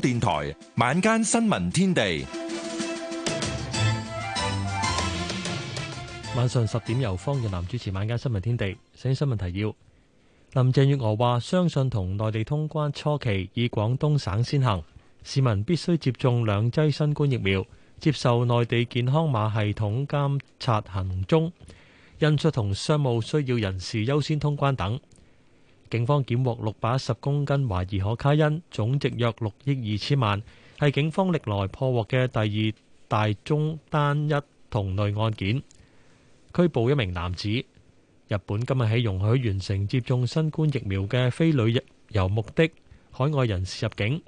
電台晚間新聞天地，晚上十點由方月南主持晚間新聞天地。先新聞提要：林鄭月娥話，相信同內地通關初期以廣東省先行，市民必須接種兩劑新冠疫苗，接受內地健康碼系統監察行蹤，印刷同商務需要人士優先通關等。警方檢獲六百十公斤懷疑可卡因，總值約六億二千萬，係警方歷來破獲嘅第二大宗單一同類案件。拘捕一名男子。日本今日起容許完成接種新冠疫苗嘅非旅遊目的海外人士入境。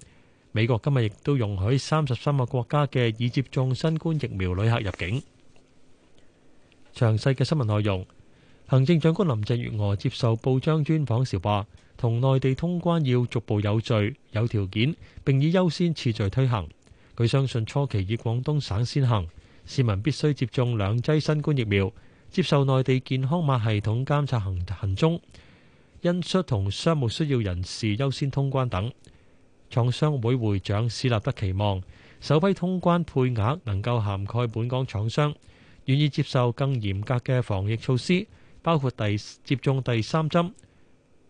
美國今日亦都容許三十三個國家嘅已接種新冠疫苗旅客入境。詳細嘅新聞內容。行政長官林鄭月娥接受報章專訪時話，同內地通關要逐步有序、有條件，並以優先次序推行。佢相信初期以廣東省先行，市民必須接種兩劑新冠疫苗，接受內地健康碼系統監察行行蹤，因出同商務需要人士優先通關等。廠商會會長史立德期望首批通關配額能夠涵蓋本港廠商，願意接受更嚴格嘅防疫措施。包括第接種第三針。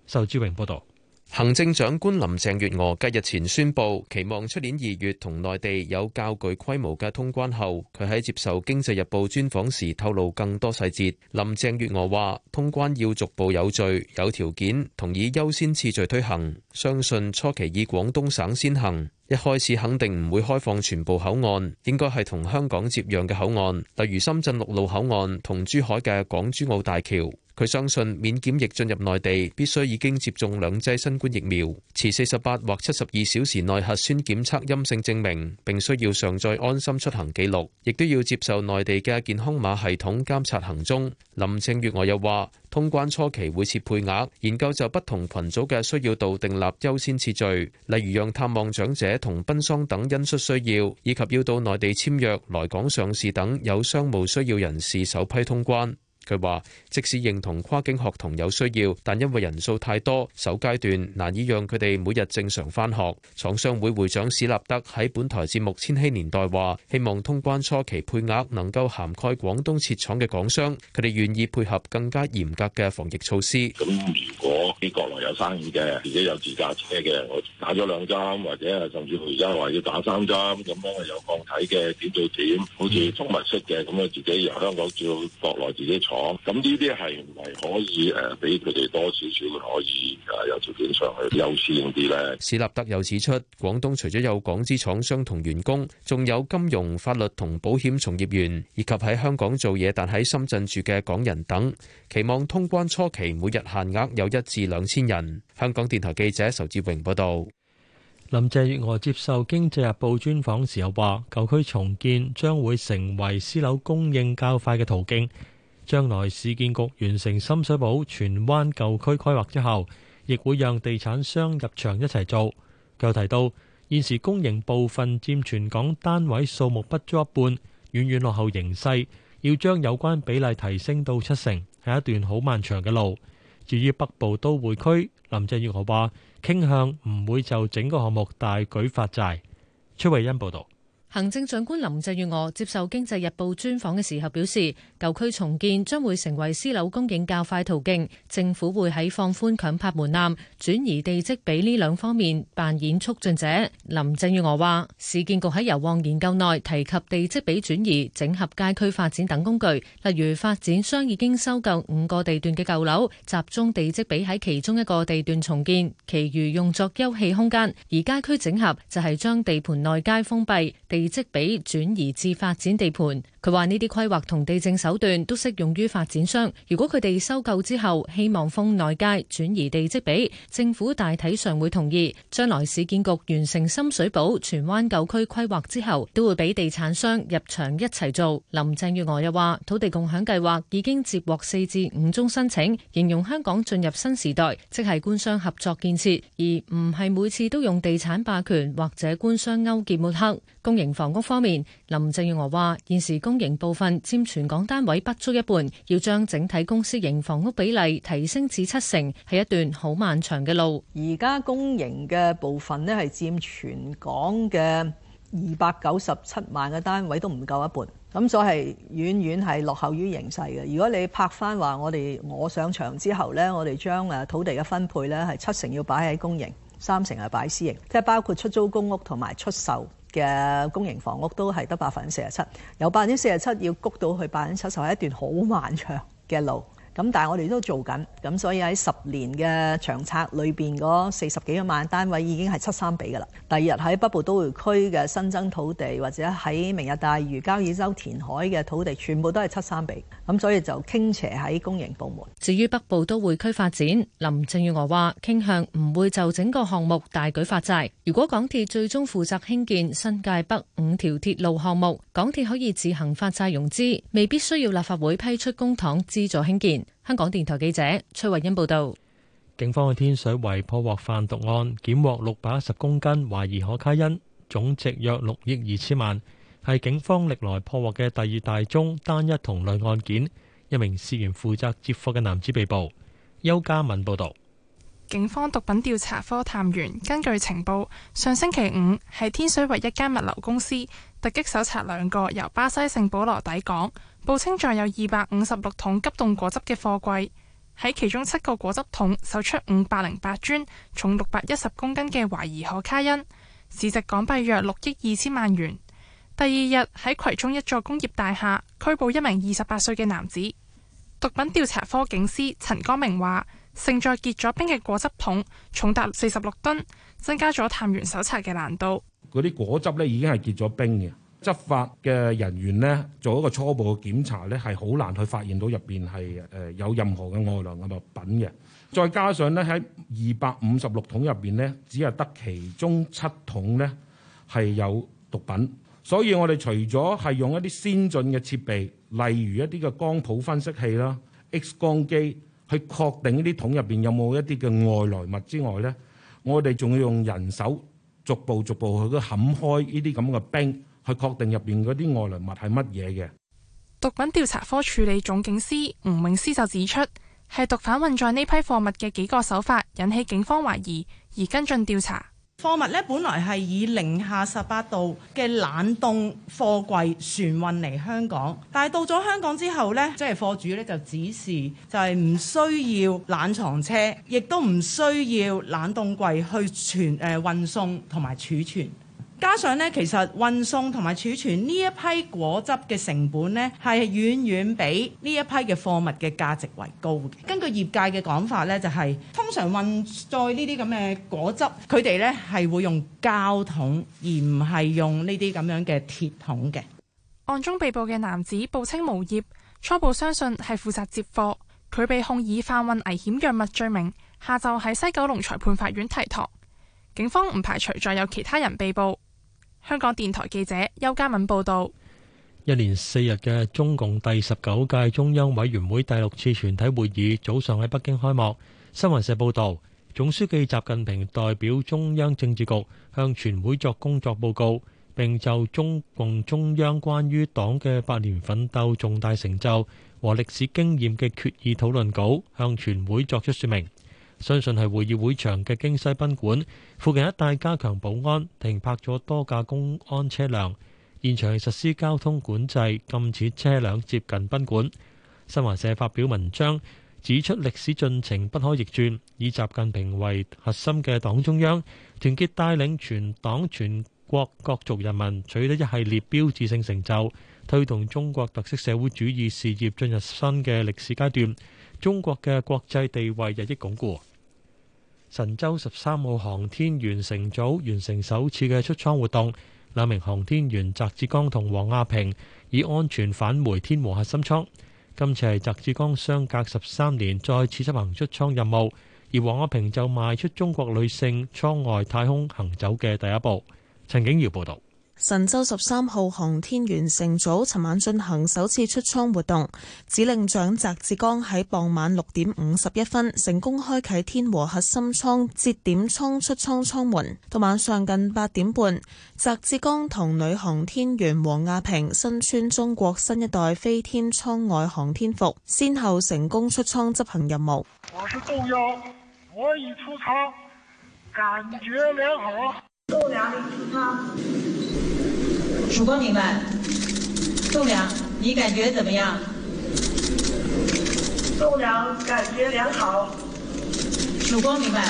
仇志榮報道，行政長官林鄭月娥繼日前宣布，期望出年二月同內地有較具規模嘅通關後，佢喺接受《經濟日報》專訪時透露更多細節。林鄭月娥話，通關要逐步有序、有條件，同以優先次序推行，相信初期以廣東省先行。一開始肯定唔會開放全部口岸，應該係同香港接壤嘅口岸，例如深圳陸路口岸同珠海嘅港珠澳大橋。佢相信免檢疫進入內地，必須已經接種兩劑新冠疫苗，持四十八或七十二小時內核酸檢測陰性證明，並需要上載安心出行記錄，亦都要接受內地嘅健康碼系統監察行蹤。林鄭月娥又話通關初期會設配額研究，就不同群組嘅需要度訂立優先次序，例如讓探望長者同奔喪等因素需要，以及要到內地簽約、來港上市等有商務需要人士首批通關。佢話，即使認同跨境學童有需要，但因為人數太多，首階段難以讓佢哋每日正常翻學。廠商會會長史立德喺本台節目《千禧年代》話，希望通關初期配額能夠涵蓋廣東設廠嘅港商，佢哋願意配合更加嚴格嘅防疫措施。咁如果啲國內有生意嘅，自己有自駕車嘅，我打咗兩針或者甚至乎而家話要打三針咁樣為，有抗體嘅點對點好似出密式嘅，咁我自己由香港做國內自己廠。咁呢啲係唔係可以誒，俾佢哋多少少可以誒，有條件上去優先啲咧？史立德又指出，廣東除咗有港資廠商同員工，仲有金融、法律同保險從業員，以及喺香港做嘢但喺深圳住嘅港人等，期望通關初期每日限額有一至兩千人。香港電台記者仇志榮報道。林鄭月娥接受《經濟日報》專訪時又話：舊區重建將會成為私樓供應較快嘅途徑。將來市建局完成深水埗、荃灣舊區規劃之後，亦會讓地產商入場一齊做。佢又提到，現時公營部分佔全港單位數目不足一半，遠遠落後形勢，要將有關比例提升到七成，係一段好漫長嘅路。至於北部都會區，林鄭月娥話傾向唔會就整個項目大舉發債。崔慧欣報道。行政長官林鄭月娥接受《經濟日報》專訪嘅時候表示，舊區重建將會成為私樓供應較快途徑，政府會喺放寬強拍門檻、轉移地積比呢兩方面扮演促進者。林鄭月娥話，市建局喺油旺研究內提及地積比轉移、整合街區發展等工具，例如發展商已經收購五個地段嘅舊樓，集中地積比喺其中一個地段重建，其餘用作休憩空間；而街區整合就係將地盤內街封閉地。即俾轉移至發展地盤。佢話呢啲規劃同地政手段都適用於發展商，如果佢哋收購之後希望封內街轉移地積比，政府大體上會同意。將來市建局完成深水埗荃灣舊區規劃之後，都會俾地產商入場一齊做。林鄭月娥又話：土地共享計劃已經接獲四至五宗申請，形容香港進入新時代，即係官商合作建設，而唔係每次都用地產霸權或者官商勾結抹黑。公營房屋方面，林鄭月娥話現時公公營部分佔全港單位不足一半，要將整體公私營房屋比例提升至七成，係一段好漫長嘅路。而家公營嘅部分呢，係佔全港嘅二百九十七萬嘅單位都唔夠一半，咁所以係遠遠係落後於形勢嘅。如果你拍翻話我哋我上場之後呢，我哋將誒土地嘅分配呢係七成要擺喺公營，三成係擺喺私營，即係包括出租公屋同埋出售。嘅公營房屋都係得百分之四十七，由百分之四十七要谷到去百分之七十，係一段好漫長嘅路。咁，但係我哋都做緊，咁所以喺十年嘅長策裏邊，嗰四十幾萬單位已經係七三比㗎喇。第二日喺北部都會區嘅新增土地，或者喺明日大嶼、郊野州填海嘅土地，全部都係七三比。咁所以就傾斜喺公營部門。至於北部都會區發展，林鄭月娥話傾向唔會就整個項目大舉發債。如果港鐵最終負責興建新界北五條鐵路項目，港鐵可以自行發債融資，未必需要立法會批出公帑資助興建。香港電台記者崔慧欣報道，警方喺天水圍破獲販毒案，檢獲六百一十公斤懷疑可卡因，總值約六億二千萬，係警方歷來破獲嘅第二大宗單一同類案件。一名涉嫌負責接貨嘅男子被捕。邱家敏報道，警方毒品調查科探員根據情報，上星期五喺天水圍一間物流公司突擊搜查兩個由巴西聖保羅抵港報稱載有二百五十六桶急凍果汁嘅貨櫃，喺其中七個果汁桶搜出五百零八磚重六百一十公斤嘅懷疑可卡因，市值港幣約六億二千萬元。第二日喺葵涌一座工業大廈拘捕一名二十八歲嘅男子。毒品調查科警司陳光明話，盛載結咗冰嘅果汁桶重達四十六噸，增加咗探員搜查嘅難度。嗰啲果汁呢已經係結咗冰嘅。執法嘅人員咧，做一個初步嘅檢查咧，係好難去發現到入邊係誒有任何嘅外來嘅物品嘅。再加上咧喺二百五十六桶入邊咧，只係得其中七桶咧係有毒品。所以我哋除咗係用一啲先進嘅設備，例如一啲嘅光譜分析器啦、X 光機去確定呢啲桶入邊有冇一啲嘅外來物之外咧，我哋仲要用人手逐步逐步去冚開呢啲咁嘅冰。去確定入邊嗰啲外來物係乜嘢嘅？毒品調查科處理總警司吳永思就指出，係毒販運載呢批貨物嘅幾個手法引起警方懷疑，而跟進調查。貨物呢，本來係以零下十八度嘅冷凍貨櫃船運嚟香港，但係到咗香港之後呢，即係貨主呢，就指示就係唔需要冷藏車，亦都唔需要冷凍櫃去存誒運送同埋儲存。加上咧，其實運送同埋儲存呢一批果汁嘅成本呢，係遠遠比呢一批嘅貨物嘅價值為高嘅。根據業界嘅講法呢，就係通常運載呢啲咁嘅果汁，佢哋呢係會用膠桶，而唔係用呢啲咁樣嘅鐵桶嘅。案中被捕嘅男子報稱無業，初步相信係負責接貨。佢被控以販運危險藥物罪名，下晝喺西九龍裁判法院提堂。警方唔排除再有其他人被捕。香港電台記者邱家敏報道，一連四日嘅中共第十九屆中央委員會第六次全體會議早上喺北京開幕。新華社報道，總書記習近平代表中央政治局向全會作工作報告，並就中共中央關於黨嘅百年奮鬥重大成就和歷史經驗嘅決議討論稿向全會作出說明。相信係會議會場嘅京西賓館附近一帶加強保安，停泊咗多架公安車輛。現場實施交通管制，禁止車輛接近賓館。新華社發表文章指出，歷史進程不可逆轉，以習近平為核心嘅黨中央團結帶領全黨全國各族人民取得一系列標誌性成就，推動中國特色社會主義事業進入新嘅歷史階段，中國嘅國際地位日益鞏固。神舟十三號航天員乘組完成首次嘅出艙活動，兩名航天員翟志剛同王亞平已安全返回天和核心艙。今次係翟志剛相隔十三年再次執行出艙任務，而王亞平就邁出中國女性艙外太空行走嘅第一步。陳景瑤報道。神舟十三號航天員乘組尋晚進行首次出艙活動，指令長翟志剛喺傍晚六點五十一分成功開啟天和核心艙節點艙出艙艙門，到晚上近八點半，翟志剛同女航天員王亞平身穿中國新一代飛天艙外航天服，先後成功出艙執行任務。我是翟志剛，我已出艙，感覺良曙光明白，棟梁，你感覺怎麼樣？棟梁感覺良好。曙光明白。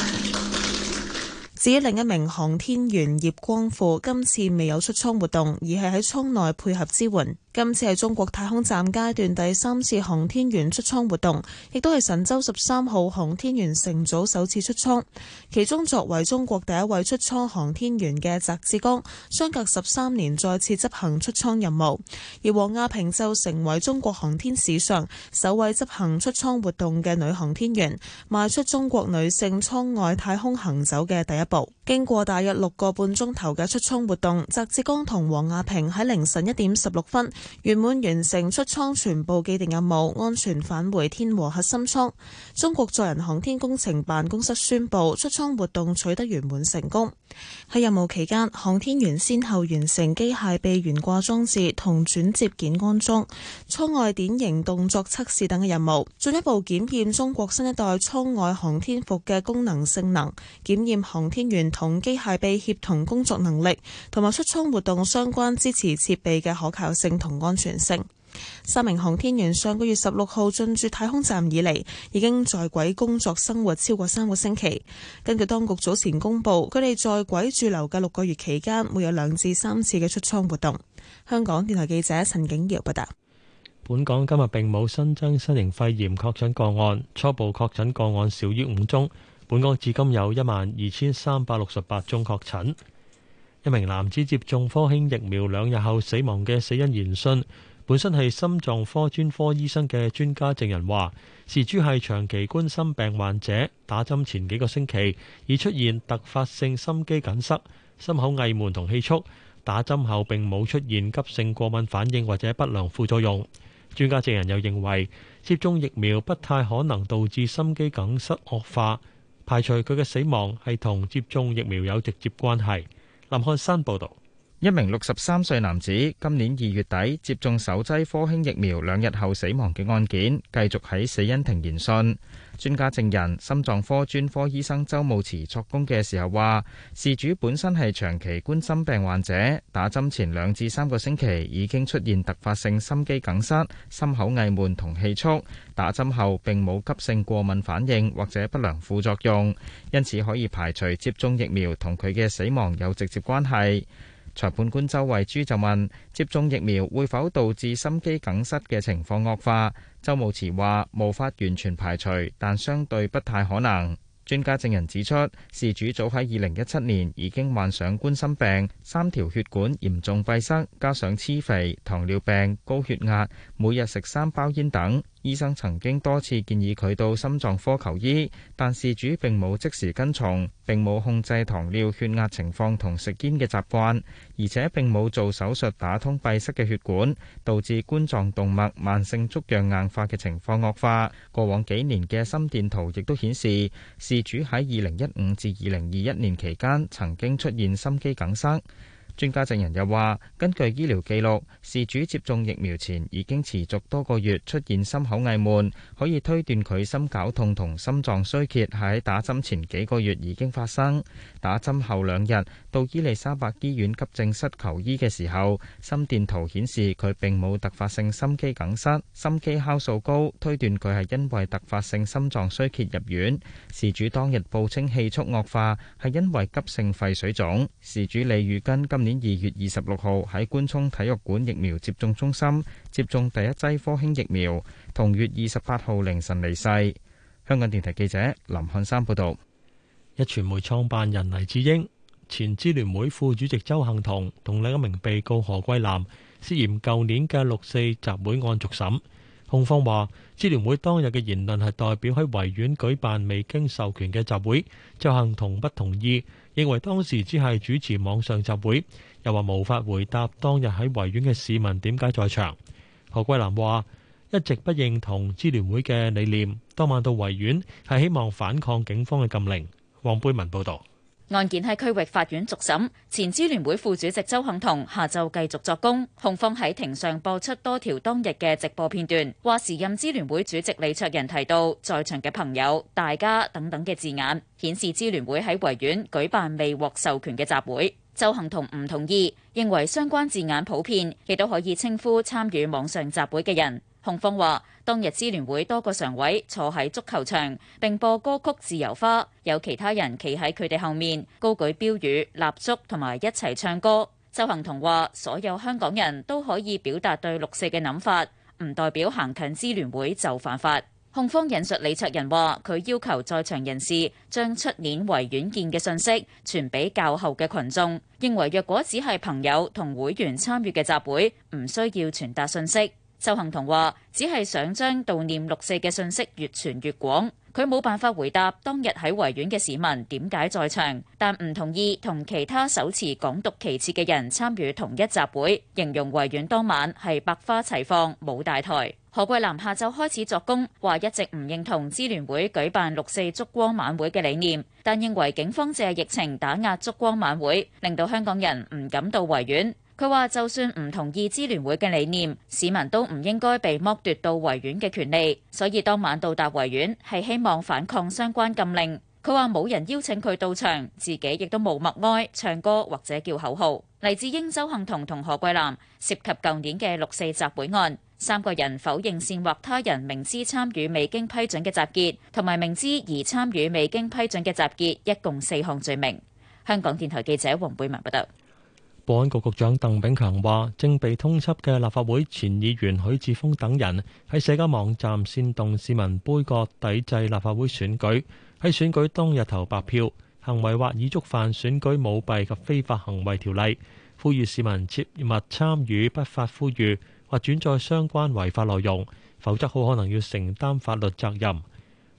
至於另一名航天員葉光富，今次未有出艙活動，而係喺艙內配合支援。今次係中國太空站階段第三次航天員出艙活動，亦都係神舟十三號航天員乘組首次出艙。其中，作為中國第一位出艙航天員嘅翟志剛相隔十三年再次執行出艙任務，而王亞平就成為中國航天史上首位執行出艙活動嘅女航天員，邁出中國女性艙外太空行走嘅第一步。經過大約六個半鐘頭嘅出艙活動，翟志剛同王亞平喺凌晨一點十六分。圓滿完成出艙全部既定任務，安全返回天和核心艙。中國載人航天工程辦公室宣布，出艙活動取得圓滿成功。喺任務期間，航天員先後完成機械臂懸掛裝置同轉接件安裝、艙外典型動作測試等嘅任務，進一步檢驗中國新一代艙外航天服嘅功能性能，檢驗航天員同機械臂協同工作能力，同埋出艙活動相關支持設備嘅可靠性同安全性。三名航天員上個月十六號進駐太空站以嚟，已經在軌工作生活超過三個星期。根據當局早前公布，佢哋在軌駐留嘅六個月期間，會有兩至三次嘅出艙活動。香港電台記者陳景堯報道。本港今日並冇新增新型肺炎確診個案，初步確診個案少於五宗。本港至今有一萬二千三百六十八宗確診。一名男子接種科興疫苗兩日後死亡嘅死因言訊，本身係心臟科專科醫生嘅專家證人話，事主係長期冠心病患者，打針前幾個星期已出現突發性心肌梗塞、心口翳悶同氣促。打針後並冇出現急性過敏反應或者不良副作用。專家證人又認為，接種疫苗不太可能導致心肌梗塞惡化，排除佢嘅死亡係同接種疫苗有直接關係。林漢山報道。一名六十三歲男子今年二月底接種首劑科興疫苗，兩日後死亡嘅案件繼續喺死因庭研訊。專家證人心臟科專科醫生周慕慈作供嘅時候話，事主本身係長期冠心病患者，打針前兩至三個星期已經出現突發性心肌梗塞，心口翳悶同氣促，打針後並冇急性過敏反應或者不良副作用，因此可以排除接種疫苗同佢嘅死亡有直接關係。裁判官周慧珠就問：接種疫苗會否導致心肌梗塞嘅情況惡化？周慕慈話：無法完全排除，但相對不太可能。專家證人指出，事主早喺二零一七年已經患上冠心病，三條血管嚴重閉塞，加上黐肥、糖尿病、高血壓，每日食三包煙等。醫生曾經多次建議佢到心臟科求醫，但事主並冇即時跟從，並冇控制糖尿、血壓情況同食煙嘅習慣，而且並冇做手術打通閉塞嘅血管，導致冠狀動脈慢性粥樣硬化嘅情況惡化。過往幾年嘅心電圖亦都顯示，事主喺二零一五至二零二一年期間曾經出現心肌梗塞。專家證人又話：根據醫療記錄，事主接種疫苗前已經持續多個月出現心口翳悶，可以推斷佢心絞痛同心臟衰竭喺打針前幾個月已經發生。打針後兩日到伊利沙伯醫院急症室求醫嘅時候，心電圖顯示佢並冇突發性心肌梗塞，心肌酵素高，推斷佢係因為突發性心臟衰竭入院。事主當日報稱氣促惡化係因為急性肺水腫。事主李宇根今年二月二十六號喺官涌體育館疫苗接種中心接種第一劑科興疫苗，同月二十八號凌晨離世。香港電台記者林漢山報道。一傳媒創辦人黎智英、前支聯會副主席周幸彤同另一名被告何桂藍涉嫌舊年嘅六四集會案續審，控方話支聯會當日嘅言論係代表喺維園舉辦未經授權嘅集會，周幸彤不同意。認為當時只係主持網上集會，又話無法回答當日喺維園嘅市民點解在場。何桂蘭話：一直不認同支聯會嘅理念，當晚到維園係希望反抗警方嘅禁令。黃貝文報道。案件喺區域法院續審，前支聯會副主席周幸彤下晝繼續作供。控方喺庭上播出多條當日嘅直播片段，話時任支聯會主席李卓人提到在場嘅朋友、大家等等嘅字眼，顯示支聯會喺維園舉辦未獲授權嘅集會。周幸彤唔同意，認為相關字眼普遍，亦都可以稱呼參與網上集會嘅人。控方話。當日支聯會多個常委坐喺足球場，並播歌曲《自由花》，有其他人企喺佢哋後面，高舉標語、蠟燭同埋一齊唱歌。周恒同話：所有香港人都可以表達對六四嘅諗法，唔代表行近支聯會就犯法。控方引述李卓人話：佢要求在場人士將出年維園見嘅信息傳俾較後嘅群眾，認為若果只係朋友同會員參與嘅集會，唔需要傳達信息。鄒幸彤話：只係想將悼念六四嘅信息越傳越廣，佢冇辦法回答當日喺維園嘅市民點解在場，但唔同意同其他手持港獨旗幟嘅人參與同一集會，形容維園當晚係百花齊放冇大台。何桂藍下晝開始作供，話一直唔認同支聯會舉辦六四燭光晚會嘅理念，但認為警方借疫情打壓燭光晚會，令到香港人唔敢到維園。佢話：就算唔同意支聯會嘅理念，市民都唔應該被剝奪到維園嘅權利。所以當晚到達維園係希望反抗相關禁令。佢話冇人邀請佢到場，自己亦都冇默哀、唱歌或者叫口號。黎智英、鄒幸彤同何桂藍涉及舊年嘅六四集會案，三個人否認煽惑他人明知參與未經批准嘅集結，同埋明知而參與未經批准嘅集結，一共四項罪名。香港電台記者黃貝文報道。保安局局長鄧炳強話：正被通緝嘅立法會前議員許智峰等人喺社交網站煽動市民杯葛抵制立法會選舉，喺選舉當日投白票行為，或已觸犯選舉舞弊及非法行為條例。呼籲市民切勿參與不法呼籲或轉載相關違法內容，否則好可能要承擔法律責任。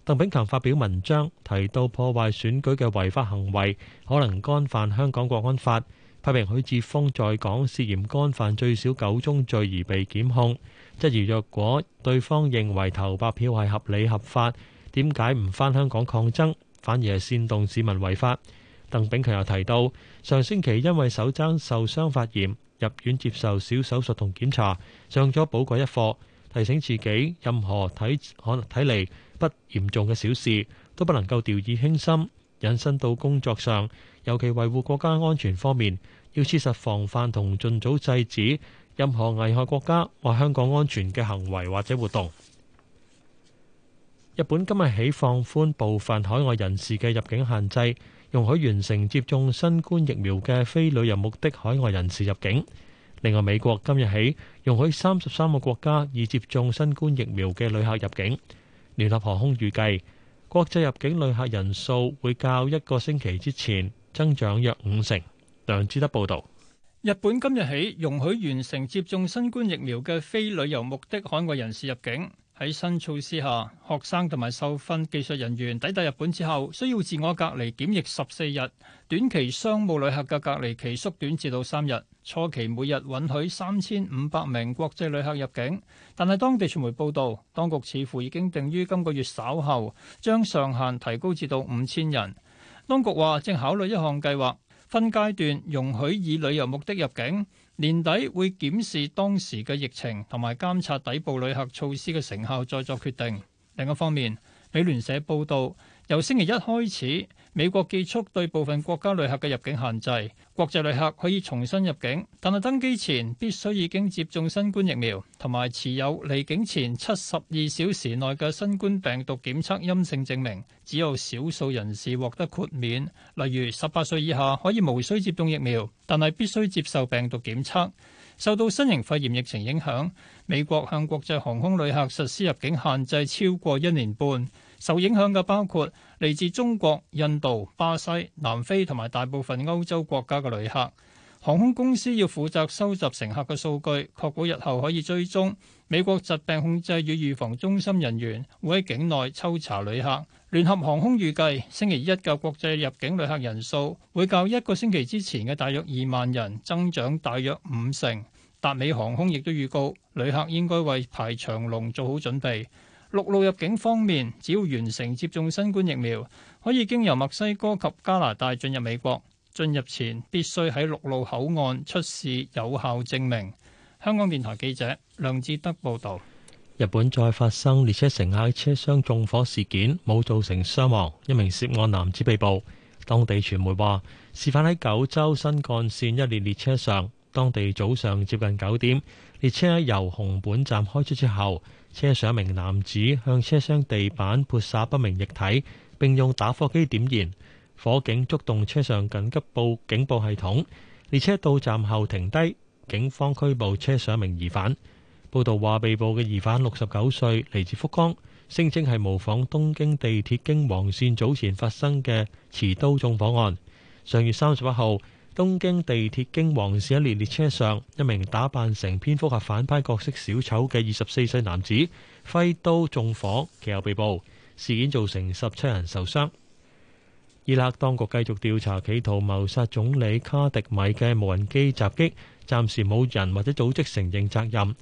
鄧炳強發表文章提到，破壞選舉嘅違法行為可能干犯香港國安法。.批評許智峰在港涉嫌干犯最少九宗罪而被檢控，質疑若果對方認為投白票係合理合法，點解唔返香港抗爭，反而係煽動市民違法？鄧炳強又提到，上星期因為手踭受傷發炎，入院接受小手術同檢查，上咗寶貴一課，提醒自己任何睇可能睇嚟不嚴重嘅小事都不能夠掉以輕心，引申到工作上。尤其維護國家安全方面，要切實防範同盡早制止任何危害國家或香港安全嘅行為或者活動。日本今日起放寬部分海外人士嘅入境限制，容許完成接種新冠疫苗嘅非旅遊目的海外人士入境。另外，美國今日起容許三十三個國家已接種新冠疫苗嘅旅客入境。聯合航空預計，國際入境旅客人數會較一個星期之前，增長約五成。梁志德報導，日本今日起容許完成接種新冠疫苗嘅非旅遊目的海外人士入境。喺新措施下，學生同埋受訓技術人員抵達日本之後，需要自我隔離檢疫十四日。短期商務旅客嘅隔離期縮短至到三日。初期每日允許三千五百名國際旅客入境，但係當地傳媒報導，當局似乎已經定於今個月稍後將上限提高至到五千人。當局話正考慮一項計劃，分階段容許以旅遊目的入境，年底會檢視當時嘅疫情同埋監察抵埗旅客措施嘅成效，再作決定。另一方面，美聯社報道，由星期一開始，美國結束對部分國家旅客嘅入境限制，國際旅客可以重新入境，但係登機前必須已經接種新冠疫苗，同埋持有離境前七十二小時內嘅新冠病毒檢測陰性證明。只有少數人士獲得豁免，例如十八歲以下可以無需接種疫苗，但係必須接受病毒檢測。受到新型肺炎疫情影響，美國向國際航空旅客實施入境限制超過一年半，受影響嘅包括嚟自中國、印度、巴西、南非同埋大部分歐洲國家嘅旅客。航空公司要負責收集乘客嘅數據，確保日後可以追蹤。美國疾病控制與預防中心人員會喺境內抽查旅客。聯合航空預計星期一嘅國際入境旅客人數會較一個星期之前嘅大約二萬人增長大約五成。達美航空亦都預告，旅客應該為排長龍做好準備。陸路入境方面，只要完成接種新冠疫苗，可以經由墨西哥及加拿大進入美國。進入前必須喺陸路口岸出示有效證明。香港電台記者梁志德報道。日本再發生列車乘客車廂縱火事件，冇造成傷亡，一名涉案男子被捕。當地傳媒話，事發喺九州新幹線一列列車上，當地早上接近九點，列車由熊本站開出之後，車上一名男子向車廂地板潑灑不明液體，並用打火機點燃。火警觸動車上緊急報警報系統，列車到站後停低，警方拘捕車上一名疑犯。報道話，被捕嘅疑犯六十九歲，嚟自福岡，聲稱係模仿東京地鐵京王線早前發生嘅持刀縱火案。上月三十一號，東京地鐵京王線一列列車上，一名打扮成蝙蝠俠反派角色小丑嘅二十四歲男子揮刀縱火，其後被捕。事件造成十七人受傷。伊拉克當局繼續調查企圖謀殺總理卡迪米嘅無人機襲擊，暫時冇人或者組織承認責任。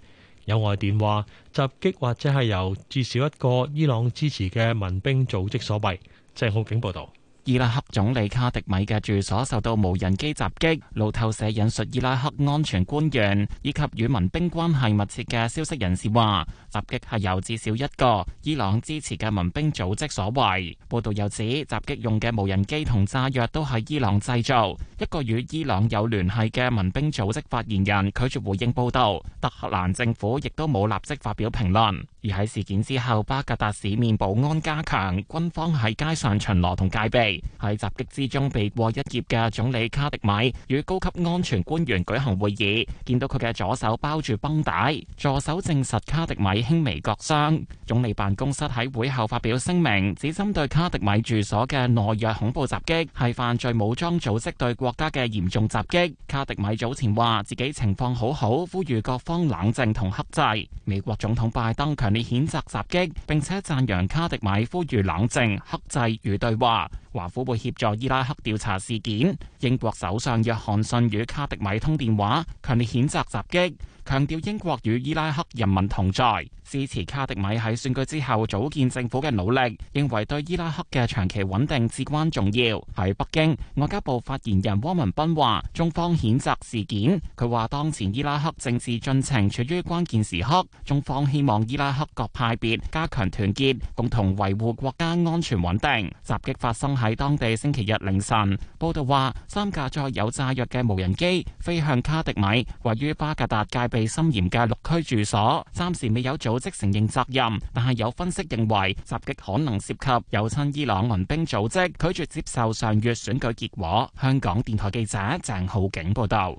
有外電話襲擊或者係由至少一個伊朗支持嘅民兵組織所為。鄭浩景報導。伊拉克總理卡迪米嘅住所受到無人機襲擊。路透社引述伊拉克安全官員以及與民兵關係密切嘅消息人士話，襲擊係由至少一個伊朗支持嘅民兵組織所為。報道又指，襲擊用嘅無人機同炸藥都係伊朗製造。一個與伊朗有聯繫嘅民兵組織發言人拒絕回應報道。德黑蘭政府亦都冇立即發表評論。而喺事件之後，巴格達市面保安加強，軍方喺街上巡邏同戒備。喺襲擊之中避過一劫嘅總理卡迪米與高級安全官員舉行會議，見到佢嘅左手包住繃帶，助手證實卡迪米輕微割傷。總理辦公室喺會後發表聲明，指針對卡迪米住所嘅內約恐怖襲擊係犯罪武裝組織對國家嘅嚴重襲擊。卡迪米早前話自己情況好好，呼籲各方冷靜同克制。美國總統拜登強烈譴責襲擊，並且讚揚卡迪米呼籲冷靜、克制與對話。政府會協助伊拉克調查事件。英國首相約翰遜與卡迪米通電話，強烈譴責襲擊，強調英國與伊拉克人民同在。支持卡迪米喺選舉之後組建政府嘅努力，認為對伊拉克嘅長期穩定至關重要。喺北京，外交部發言人汪文斌話，中方譴責事件。佢話，當前伊拉克政治進程處於關鍵時刻，中方希望伊拉克各派別加強團結，共同維護國家安全穩定。襲擊發生喺當地星期日凌晨。報道話，三架載有炸藥嘅無人機飛向卡迪米位於巴格達戒備森嚴嘅綠區住所，暫時未有做。組織承認責任，但係有分析認為襲擊可能涉及有親伊朗民兵組織，拒絕接受上月選舉結果。香港電台記者鄭浩景報道。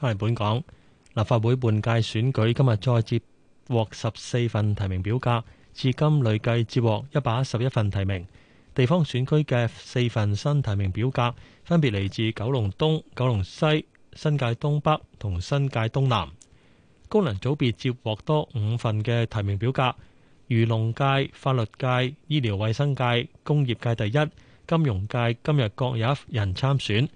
喺本港立法會換屆選舉今日再接獲十四份提名表格，至今累計接獲一百一十一份提名。地方選區嘅四份新提名表格，分別嚟自九龍東、九龍西、新界東北同新界東南。功能組別接獲多五份嘅提名表格，漁農界、法律界、醫療衛生界、工業界第一、金融界今日各有一人參選。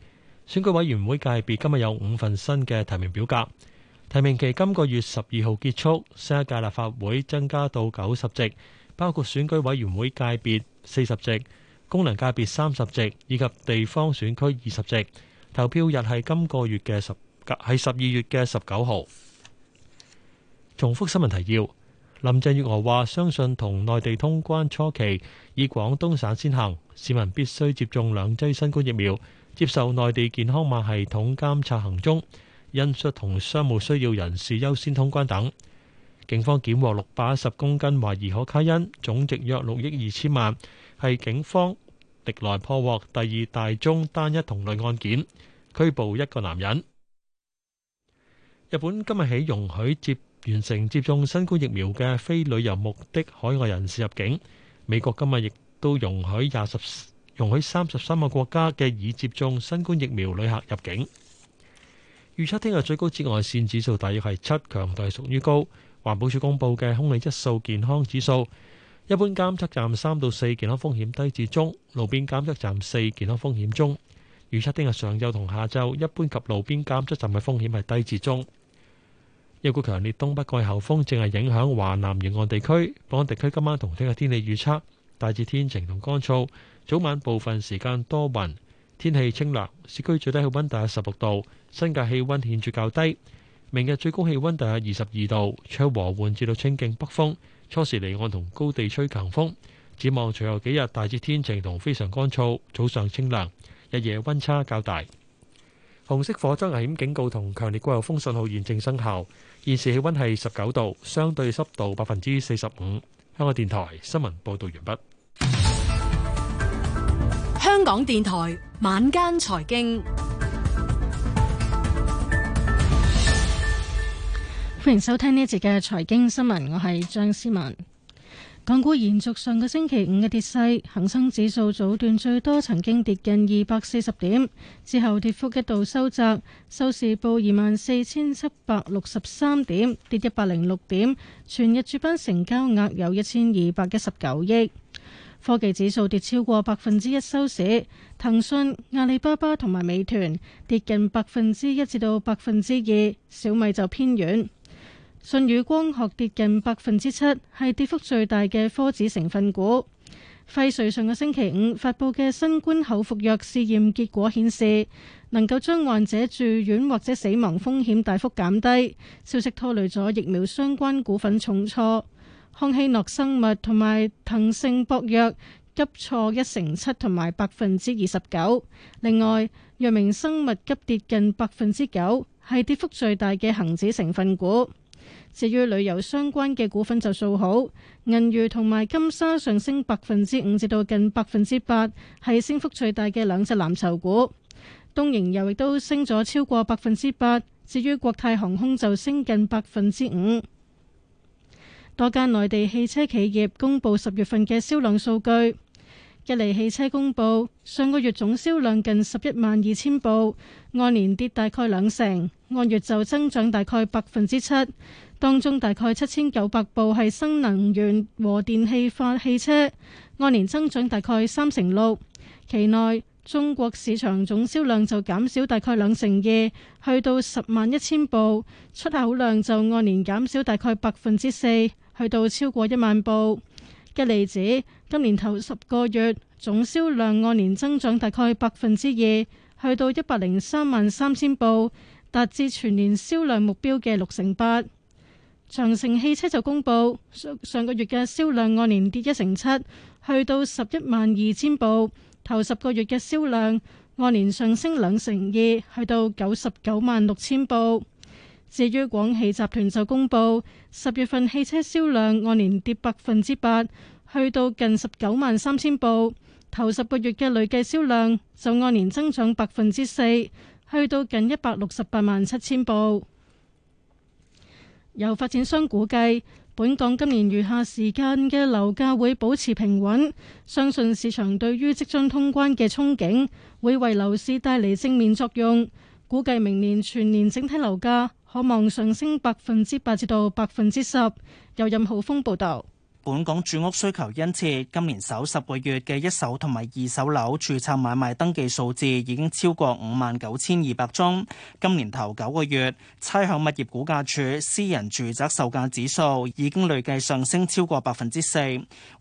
選舉委員會界別今日有五份新嘅提名表格，提名期今個月十二號結束。新一屆立法會增加到九十席，包括選舉委員會界別四十席、功能界別三十席以及地方選區二十席。投票日係今個月嘅十，係十二月嘅十九號。重複新聞提要：林鄭月娥話相信同內地通關初期以廣東省先行，市民必須接種兩劑新冠疫苗，接受內地健康碼系統監察行蹤，恩恤同商務需要人士優先通關等。警方檢獲六百一十公斤懷疑可卡因，總值約六億二千萬，係警方歷來破獲第二大宗單一同類案件，拘捕一個男人。日本今日起容許接。完成接種新冠疫苗嘅非旅遊目的海外人士入境，美國今日亦都容許二十容許三十三個國家嘅已接種新冠疫苗旅客入境。預測聽日最高紫外線指數大約係七，強度屬於高。環保署公布嘅空氣質素健康指數，一般監測站三到四，健康風險低至中；路邊監測站四，健康風險中。預測聽日上晝同下晝一般及路邊監測站嘅風險係低至中。一股強烈東北季候風正係影響華南沿岸地區。本港地區今晚同聽日天氣預測大致天晴同乾燥，早晚部分時間多雲，天氣清涼。市區最低氣温大約十六度，新界氣温顯著較低。明日最高氣温大約二十二度，吹和緩至到清勁北風，初時離岸同高地吹強風。展望隨後幾日大致天晴同非常乾燥，早上清涼，日夜温差較大。紅色火災危險警告同強烈季候風信號現正生效。現時氣温係十九度，相對濕度百分之四十五。香港電台新聞報道完畢。香港電台晚間財經，歡迎收聽呢一節嘅財經新聞，我係張思文。港股延續上個星期五嘅跌勢，恒生指數早段最多曾經跌近二百四十點，之後跌幅一度收窄，收市報二萬四千七百六十三點，跌一百零六點。全日主板成交額有一千二百一十九億。科技指數跌超過百分之一收市，騰訊、阿里巴巴同埋美團跌近百分之一至到百分之二，小米就偏軟。舜宇光學跌近百分之七，係跌幅最大嘅科指成分股。輝瑞上個星期五發布嘅新冠口服藥試驗結果顯示，能夠將患者住院或者死亡風險大幅減低。消息拖累咗疫苗相關股份重挫，康希諾生物同埋騰盛博藥急挫一成七同埋百分之二十九。另外，藥明生物急跌近百分之九，係跌幅最大嘅恒指成分股。至於旅遊相關嘅股份就數好，銀娛同埋金沙上升百分之五，至到近百分之八，係升幅最大嘅兩隻藍籌股。東瀛遊亦都升咗超過百分之八，至於國泰航空就升近百分之五。多間內地汽車企業公布十月份嘅銷量數據。吉利汽車公布上個月總銷量近十一萬二千部，按年跌大概兩成，按月就增長大概百分之七。當中大概七千九百部係新能源和電氣化汽車，按年增長大概三成六。期內中國市場總銷量就減少大概兩成二，去到十萬一千部。出口量就按年減少大概百分之四，去到超過一萬部。吉利指，今年頭十個月總銷量按年增長大概百分之二，去到一百零三萬三千部，達至全年銷量目標嘅六成八。長城汽車就公布上個月嘅銷量按年跌一成七，去到十一萬二千部，頭十個月嘅銷量按年上升兩成二，去到九十九萬六千部。至於廣汽集團就公布，十月份汽車銷量按年跌百分之八，去到近十九萬三千部。頭十個月嘅累計銷量就按年增長百分之四，去到近一百六十八萬七千部。有發展商估計，本港今年餘下時間嘅樓價會保持平穩，相信市場對於即將通關嘅憧憬會為樓市帶嚟正面作用。估計明年全年整體樓價可望上升百分之八至到百分之十。由任浩峰報道。本港住屋需求殷切，今年首十個月嘅一手同埋二手樓注冊買賣登記數字已經超過五萬九千二百宗。今年頭九個月，差餉物業估價署私人住宅售價指數已經累計上升超過百分之四。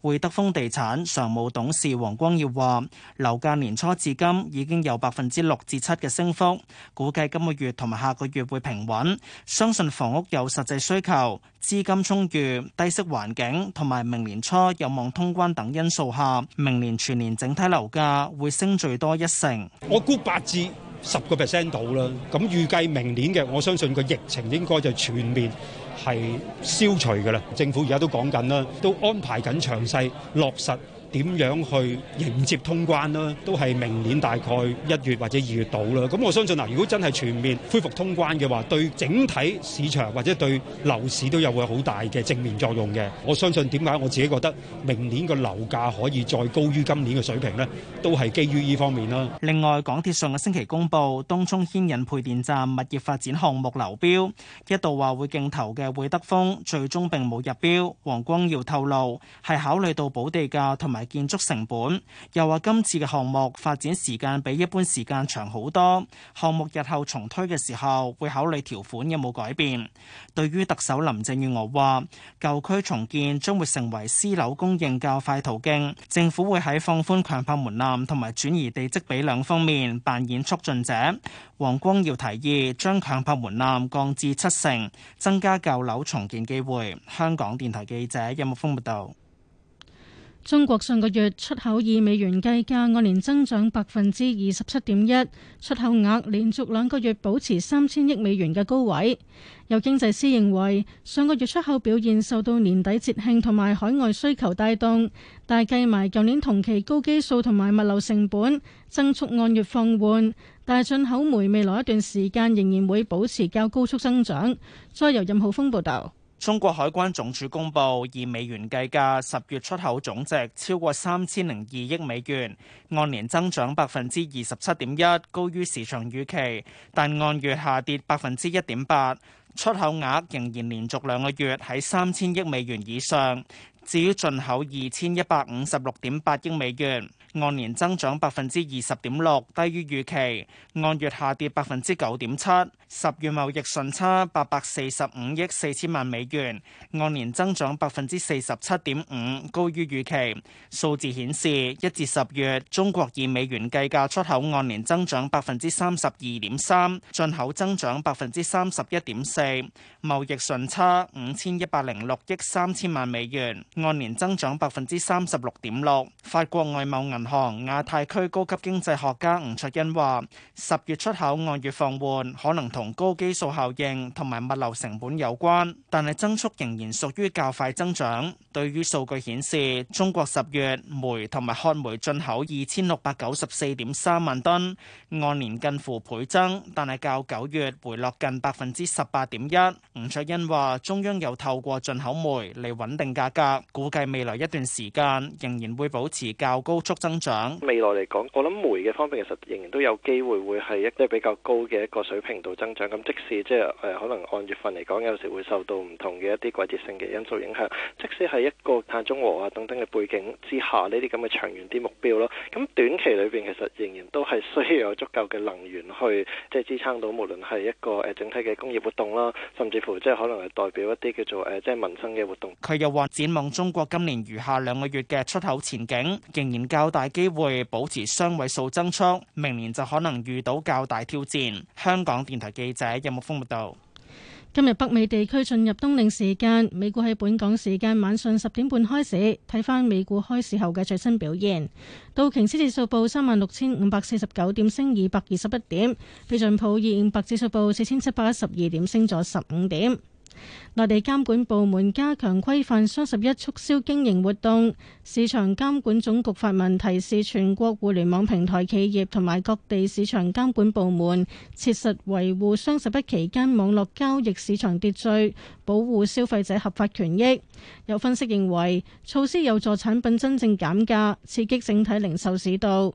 會德豐地產常務董事黃光耀話，樓價年初至今已經有百分之六至七嘅升幅，估計今個月同埋下個月會平穩。相信房屋有實際需求，資金充裕，低息環境同同埋明年初有望通關等因素下，明年全年整體樓價會升最多一成。我估八至十個 percent 到啦。咁預計明年嘅，我相信個疫情應該就全面係消除噶啦。政府而家都講緊啦，都安排緊詳細落實。點樣去迎接通關啦？都係明年大概一月或者二月度啦。咁我相信嗱，如果真係全面恢復通關嘅話，對整體市場或者對樓市都有個好大嘅正面作用嘅。我相信點解我自己覺得明年個樓價可以再高於今年嘅水平咧，都係基於呢方面啦。另外，港鐵上個星期公佈東涌牽引配電站物業發展項目流標，一度話會競投嘅會德豐，最終並冇入標。黃光耀透露係考慮到補地價同埋，建築成本，又話今次嘅項目發展時間比一般時間長好多。項目日後重推嘅時候，會考慮條款有冇改變。對於特首林鄭月娥話，舊區重建將會成為私樓供應較快途徑。政府會喺放寬強拍門檻同埋轉移地積比兩方面扮演促進者。黃光耀提議將強拍門檻降至七成，增加舊樓重建機會。香港電台記者任木峰報道。中國上個月出口以美元計價按年增長百分之二十七點一，出口額連續兩個月保持三千億美元嘅高位。有經濟師認為，上個月出口表現受到年底節慶同埋海外需求帶動，但係計埋舊年同期高基數同埋物流成本，增速按月放緩。但係進口煤未來一段時間仍然會保持較高速增長。再由任浩峰報道。中國海關總署公布，以美元計價，十月出口總值超過三千零二億美元，按年增長百分之二十七點一，高於市場預期，但按月下跌百分之一點八。出口額仍然連續兩個月喺三千億美元以上。至於進口二千一百五十六點八億美元，按年增長百分之二十點六，低於預期；按月下跌百分之九點七，十月貿易順差八百四十五億四千萬美元，按年增長百分之四十七點五，高於預期。數字顯示，一至十月中國以美元計價出口按年增長百分之三十二點三，進口增長百分之三十一點四。貿易順差五千一百零六億三千萬美元，按年增長百分之三十六點六。法國外貿銀行亞太區高級經濟學家吳卓恩話：十月出口按月放緩，可能同高基數效應同埋物流成本有關，但係增速仍然屬於較快增長。對於數據顯示，中國十月煤同埋褐煤進口二千六百九十四點三萬噸，按年近乎倍增，但係較九月回落近百分之十八點一。吳卓欣話：中央又透過進口煤嚟穩定價格，估計未來一段時間仍然會保持較高速增長。未來嚟講，我諗煤嘅方面其實仍然都有機會會係一啲比較高嘅一個水平度增長。咁即使即係誒可能按月份嚟講，有時會受到唔同嘅一啲季節性嘅因素影響。即使係一個碳中和啊等等嘅背景之下，呢啲咁嘅長遠啲目標咯。咁短期裏邊其實仍然都係需要有足夠嘅能源去即係支撐到無論係一個誒整體嘅工業活動啦，甚至。即係可能係代表一啲叫做誒，即係民生嘅活動。佢又話展望中國今年餘下兩個月嘅出口前景，仍然較大機會保持雙位數增速，明年就可能遇到較大挑戰。香港電台記者任木峰報道。今日北美地區進入冬令時間，美股喺本港時間晚上十點半開始睇返美股開市後嘅最新表現。道瓊斯指數報三萬六千五百四十九點，點升二百二十一點；標準普爾五百指數報四千七百一十二點，升咗十五點。內地監管部門加強規範雙十一促銷經營活動，市場監管總局發文提示全國互聯網平台企業同埋各地市場監管部門切實維護雙十一期間網絡交易市場秩序，保護消費者合法權益。有分析認為，措施有助產品真正減價，刺激整體零售市道。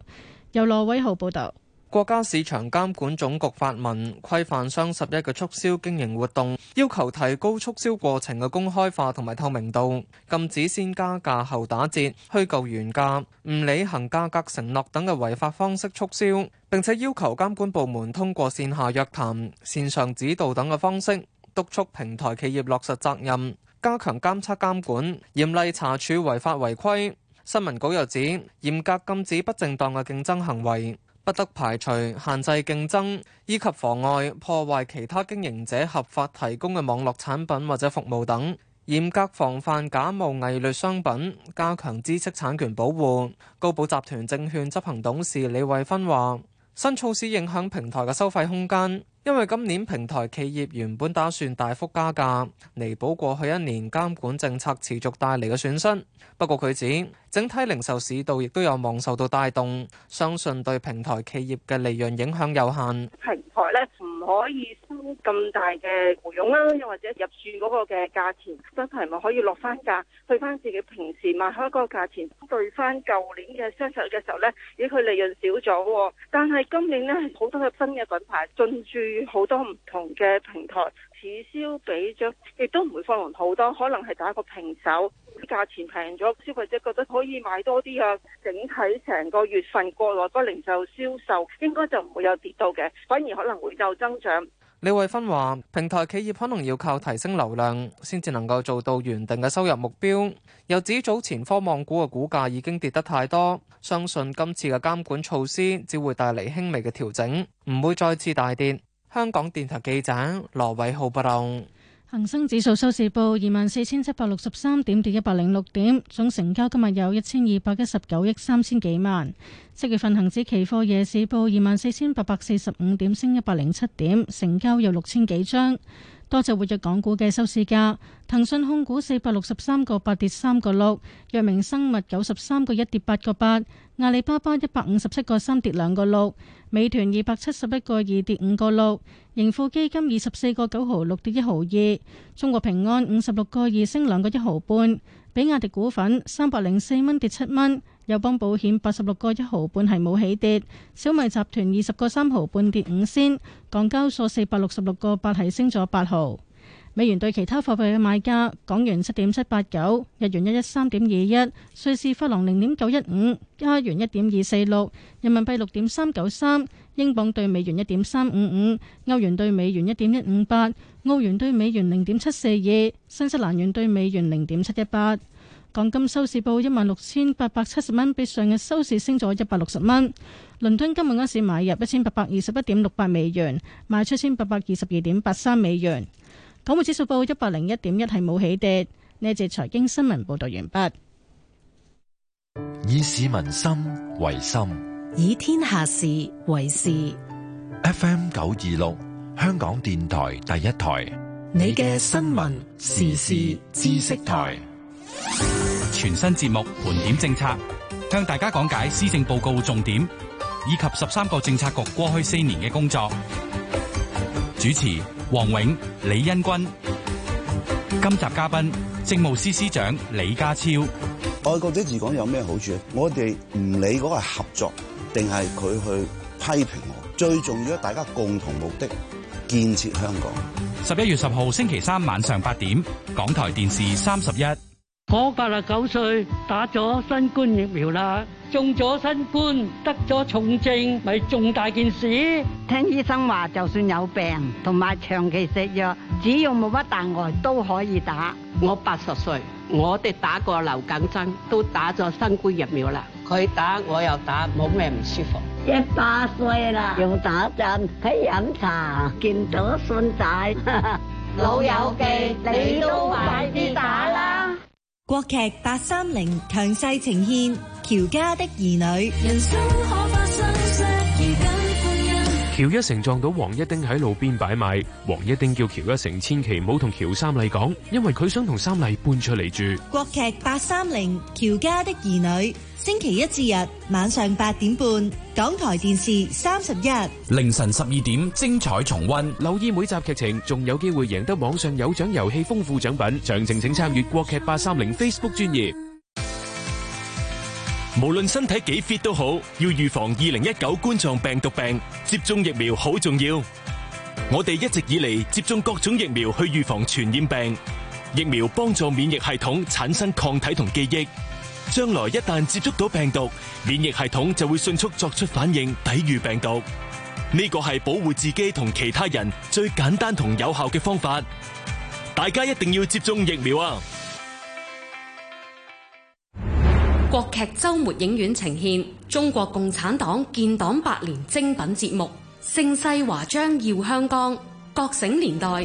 由羅偉豪報道。國家市場監管總局發文，規範雙十一嘅促銷經營活動，要求提高促銷過程嘅公開化同埋透明度，禁止先加價後打折、虛構原價、唔履行價格承諾等嘅違法方式促銷，並且要求監管部門通過線下約談、線上指導等嘅方式，督促平台企業落實責任，加強監測監管，嚴厲查處違法違規。新聞稿又指，嚴格禁止不正當嘅競爭行為。不得排除限制競爭，以及妨礙破壞其他經營者合法提供嘅網絡產品或者服務等，嚴格防範假冒偽劣商品，加強知識產權保護。高寶集團證券執行董事李慧芬話。新措施影響平台嘅收費空間，因為今年平台企業原本打算大幅加價，彌補過去一年監管政策持續帶嚟嘅損失。不過佢指，整體零售市道亦都有望受到帶動，相信對平台企業嘅利潤影響有限。平台呢。唔可以收咁大嘅回佣啦，又或者入駐嗰個嘅價錢真係咪可以落翻價，去翻自己平時賣開嗰個價錢，對翻舊年嘅雙十一嘅時候呢，咦佢利潤少咗，但係今年呢，好多嘅新嘅品牌進駐好多唔同嘅平台，此消彼長，亦都唔會放量好多，可能係打一個平手。價錢平咗，消費者覺得可以買多啲啊！整體成個月份國內個零售銷售應該就唔會有跌到嘅，反而可能會有增長。李慧芬話，平台企業可能要靠提升流量，先至能夠做到原定嘅收入目標。又指早前科網股嘅股價已經跌得太多，相信今次嘅監管措施只會帶嚟輕微嘅調整，唔會再次大跌。香港電台記者羅偉浩報道。恒生指數收市報二萬四千七百六十三點，跌一百零六點，總成交今日有一千二百一十九億三千幾萬。七月份恒指期貨夜市報二萬四千八百四十五點，升一百零七點，成交有六千幾張。多隻活躍港股嘅收市價：騰訊控股四百六十三個八跌三個六，藥明生物九十三個一跌八個八，阿里巴巴一百五十七個三跌兩個六，美團二百七十一個二跌五個六，盈富基金二十四個九毫六跌一毫二，中國平安五十六個二升兩個一毫半，比亞迪股份三百零四蚊跌七蚊。友邦保險八十六個一毫半係冇起跌，小米集團二十個三毫半跌五仙，港交所四百六十六個八係升咗八毫。美元對其他貨幣嘅買價：港元七點七八九，日元一一三點二一，瑞士法郎零點九一五，加元一點二四六，人民幣六點三九三，英鎊對美元一點三五五，歐元對美元一點一五八，澳元對美元零點七四二，新西蘭元對美元零點七一八。港金收市報一萬六千八百七十蚊，比上日收市升咗一百六十蚊。倫敦金午市買入一千八百二十一點六八美元，賣出千八百二十二點八三美元。港匯指數報一百零一點一，係冇起跌。呢節財經新聞報道完畢。以市民心為心，以天下事為事。F M 九二六，香港電台第一台，你嘅新聞時事知識台。全新節目盤點政策，向大家講解施政報告重點以及十三個政策局過去四年嘅工作。主持：王永、李恩君。今集嘉賓：政務司司長李家超。愛國者治港有咩好處？我哋唔理嗰個合作定係佢去批評我，最重要，大家共同目的建設香港。十一月十號星期三晚上八點，港台電視三十一。我八十九歲，打咗新冠疫苗啦，中咗新冠，得咗重症，咪重大件事。聽醫生話，就算有病同埋長期食藥，只要冇乜大礙都可以打。我八十歲，我哋打過流感針，都打咗新冠疫苗啦。佢打我又打，冇咩唔舒服。一百歲啦，又打針，喺飲茶，見到信仔，老友記，你都。國劇八三零強勢呈現《喬家的兒女》。人生可喬一成撞到王一丁喺路邊擺賣，王一丁叫喬一成千祈唔好同喬三麗講，因為佢想同三麗搬出嚟住。國劇八三零《喬家的兒女》，星期一至日晚上八點半，港台電視三十一，凌晨十二點精彩重溫。留意每集劇情，仲有機會贏得網上有獎遊戲豐富獎品。詳情請參閱國劇八三零 Facebook 專頁。無論身體幾 fit 都好，要預防二零一九冠狀病毒病，接種疫苗好重要。我哋一直以嚟，接種各種疫苗去預防傳染病，疫苗幫助免疫系統產生抗體同記憶。將來一旦接觸到病毒，免疫系統就會迅速作出反應，抵禦病毒。呢個係保護自己同其他人最簡單同有效嘅方法。大家一定要接種疫苗啊！國劇周末影院呈現中國共產黨建黨百年精品節目《盛世華章耀香江》。覺醒年代。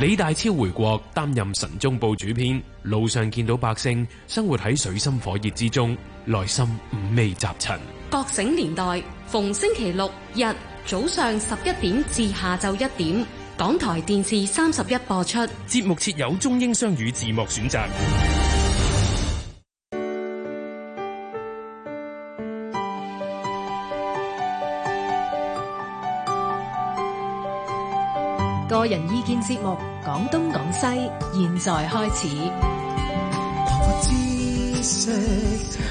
李大釗回國擔任《晨鐘報》主編，路上見到百姓生活喺水深火熱之中，內心五味雜陳。覺醒年代逢星期六日早上十一點至下晝一點，港台電視三十一播出。節目設有中英雙語字幕選擇。個人意見節目《講東講西》，現在開始。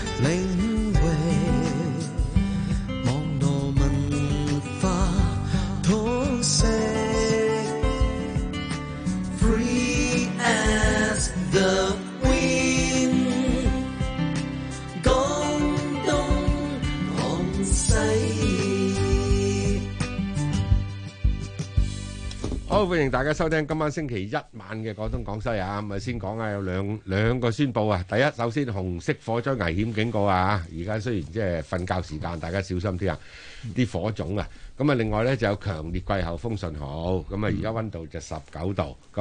歡迎大家收聽今晚星期一晚嘅廣東廣西啊，咁啊先講下有兩兩個宣佈啊，第一首先紅色火災危險警告啊，而家雖然即係瞓覺時間，大家小心啲啊，啲火種啊，咁啊另外呢就有強烈季候風信號，咁啊而家溫度就十九度。